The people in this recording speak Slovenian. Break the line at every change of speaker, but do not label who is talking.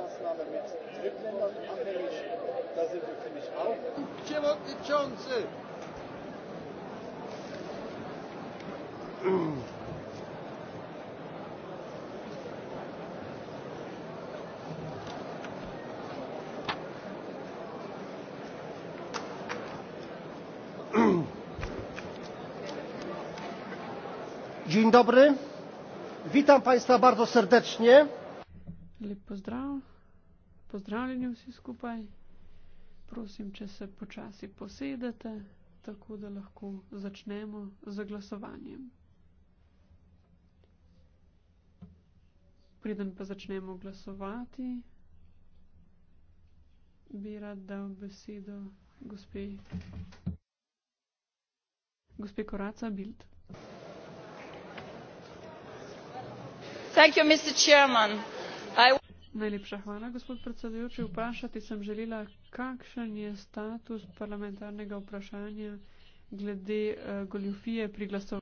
Maßnahme mit Drittländern abhängig. Da sind wir für mich auch. die Chance. Dzień dobry. Witam Państwa bardzo serdecznie. Lep
pozdrav. Pozdravljeni vsi skupaj. Prosim, če se počasi posedete, tako da lahko začnemo z glasovanjem. Preden pa začnemo glasovati, bi rad dal besedo gospe, gospe Koraca Bild. Thank you, Mr. Chairman. Najlepša hvala, gospod predsedujoči. Vprašati sem želela, kakšen je status parlamentarnega vprašanja glede uh, eh, goljofije pri glasovanju.